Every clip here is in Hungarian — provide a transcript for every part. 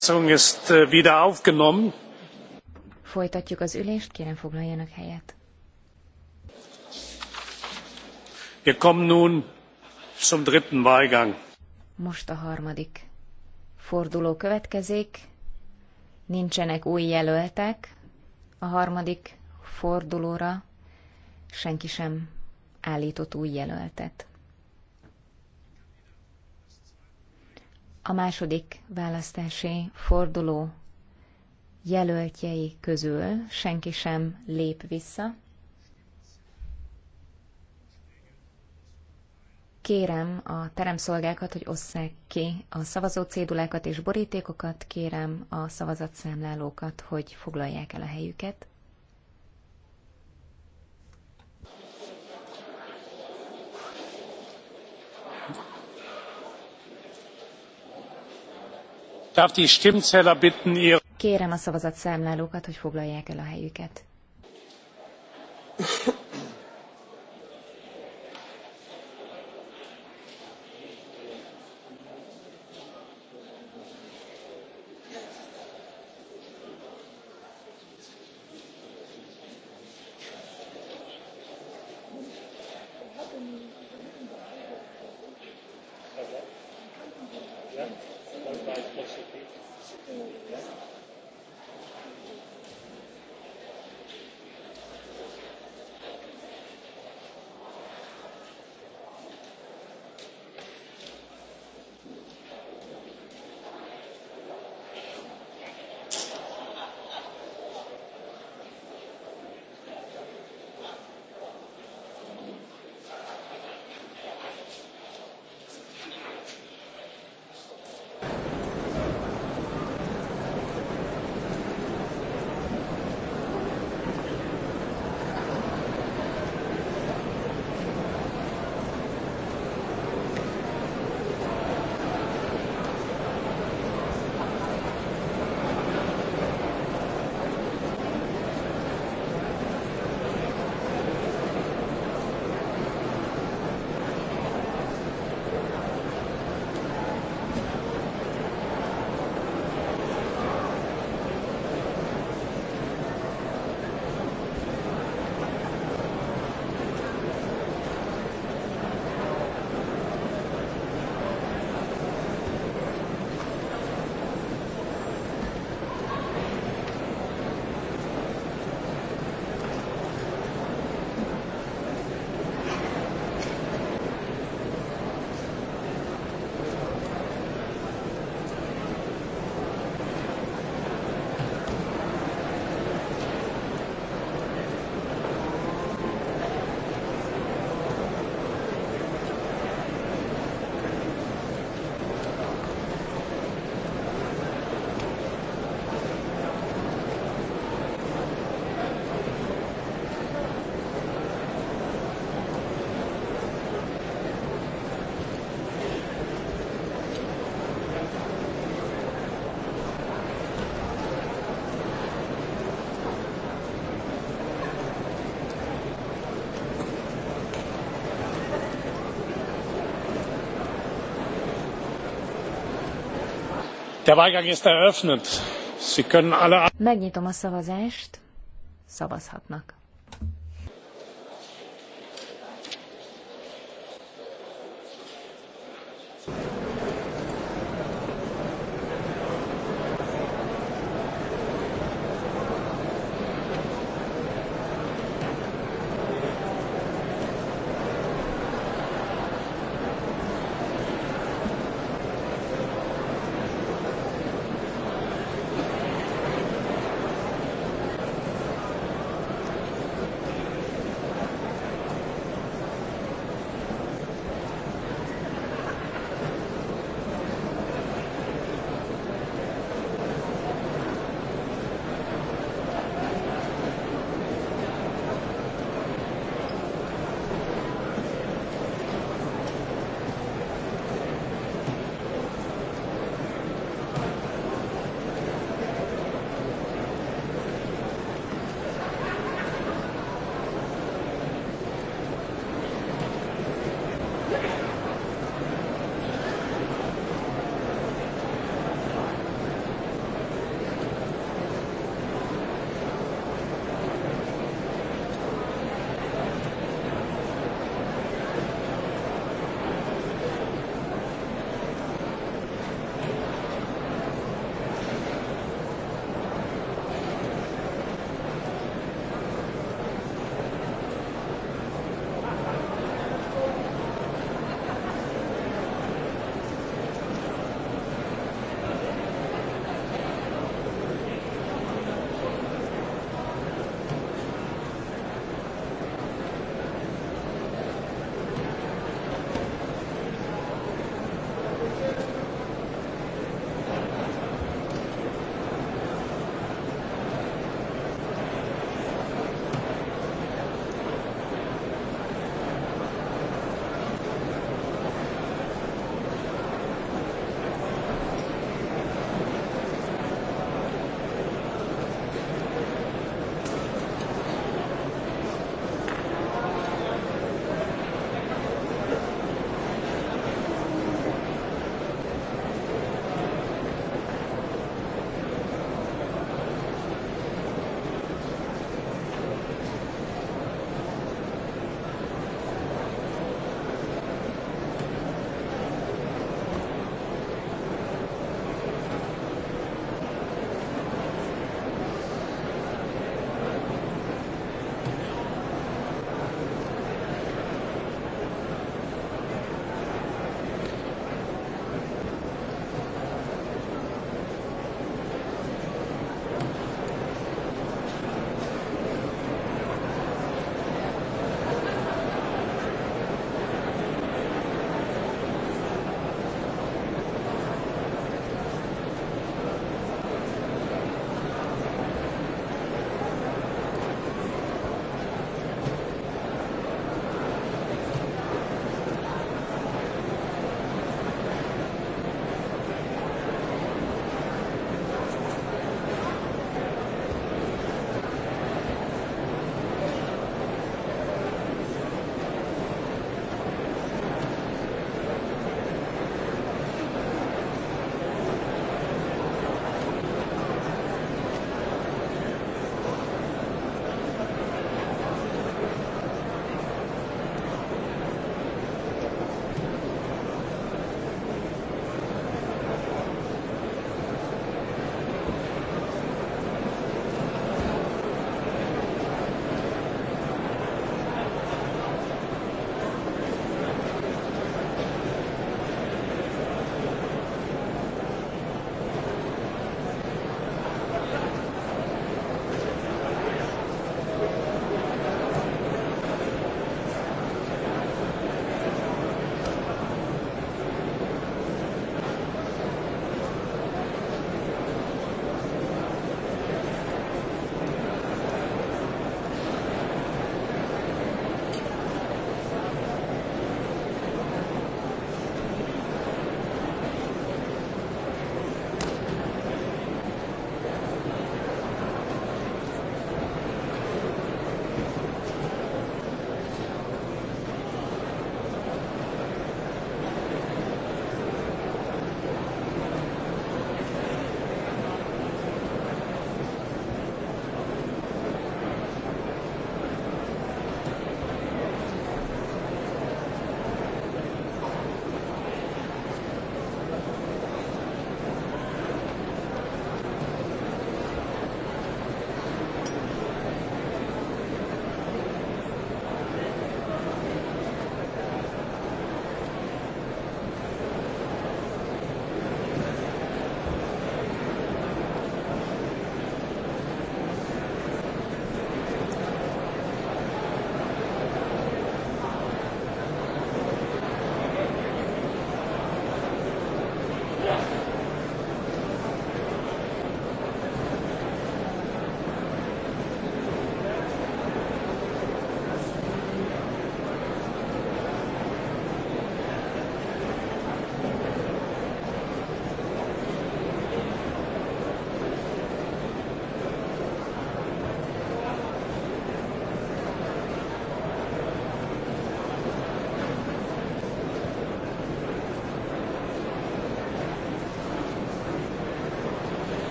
Äh, Folytatjuk az ülést, kérem foglaljanak helyet. Most a harmadik forduló következik. Nincsenek új jelöltek. A harmadik fordulóra senki sem állított új jelöltet. a második választási forduló jelöltjei közül senki sem lép vissza. Kérem a teremszolgákat, hogy osszák ki a szavazó cédulákat és borítékokat, kérem a szavazatszámlálókat, hogy foglalják el a helyüket. Kérem a szavazatszámlálókat, hogy foglalják el a helyüket. Der Wahlgang ist eröffnet. Sie können alle... Megnyitom a szavazást. Szavazhatnak.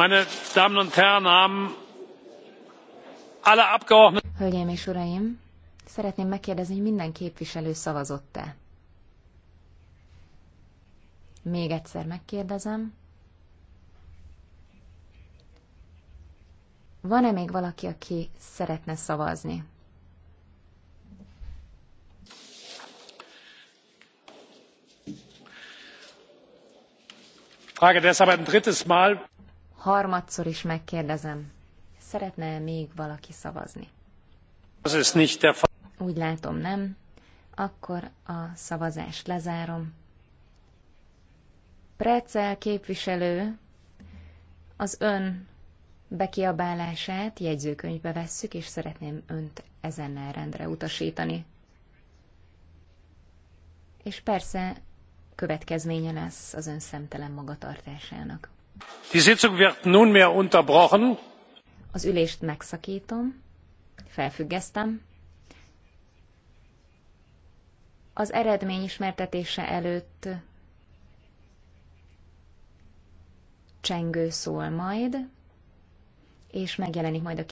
meine damen und herren haben alle abgeordneten. hölgyeim és uraim szeretném megkérdezni hogy minden képviselő szavazott e? még egyszer megkérdezem van e még valaki aki szeretne szavazni? frage deshalb ein drittes mal harmadszor is megkérdezem, szeretne -e még valaki szavazni? Úgy látom, nem. Akkor a szavazást lezárom. Precel képviselő az ön bekiabálását jegyzőkönyvbe vesszük, és szeretném önt ezennel rendre utasítani. És persze következménye lesz az ön szemtelen magatartásának. Az ülést megszakítom, felfüggesztem. Az eredmény ismertetése előtt csengő szól majd, és megjelenik majd a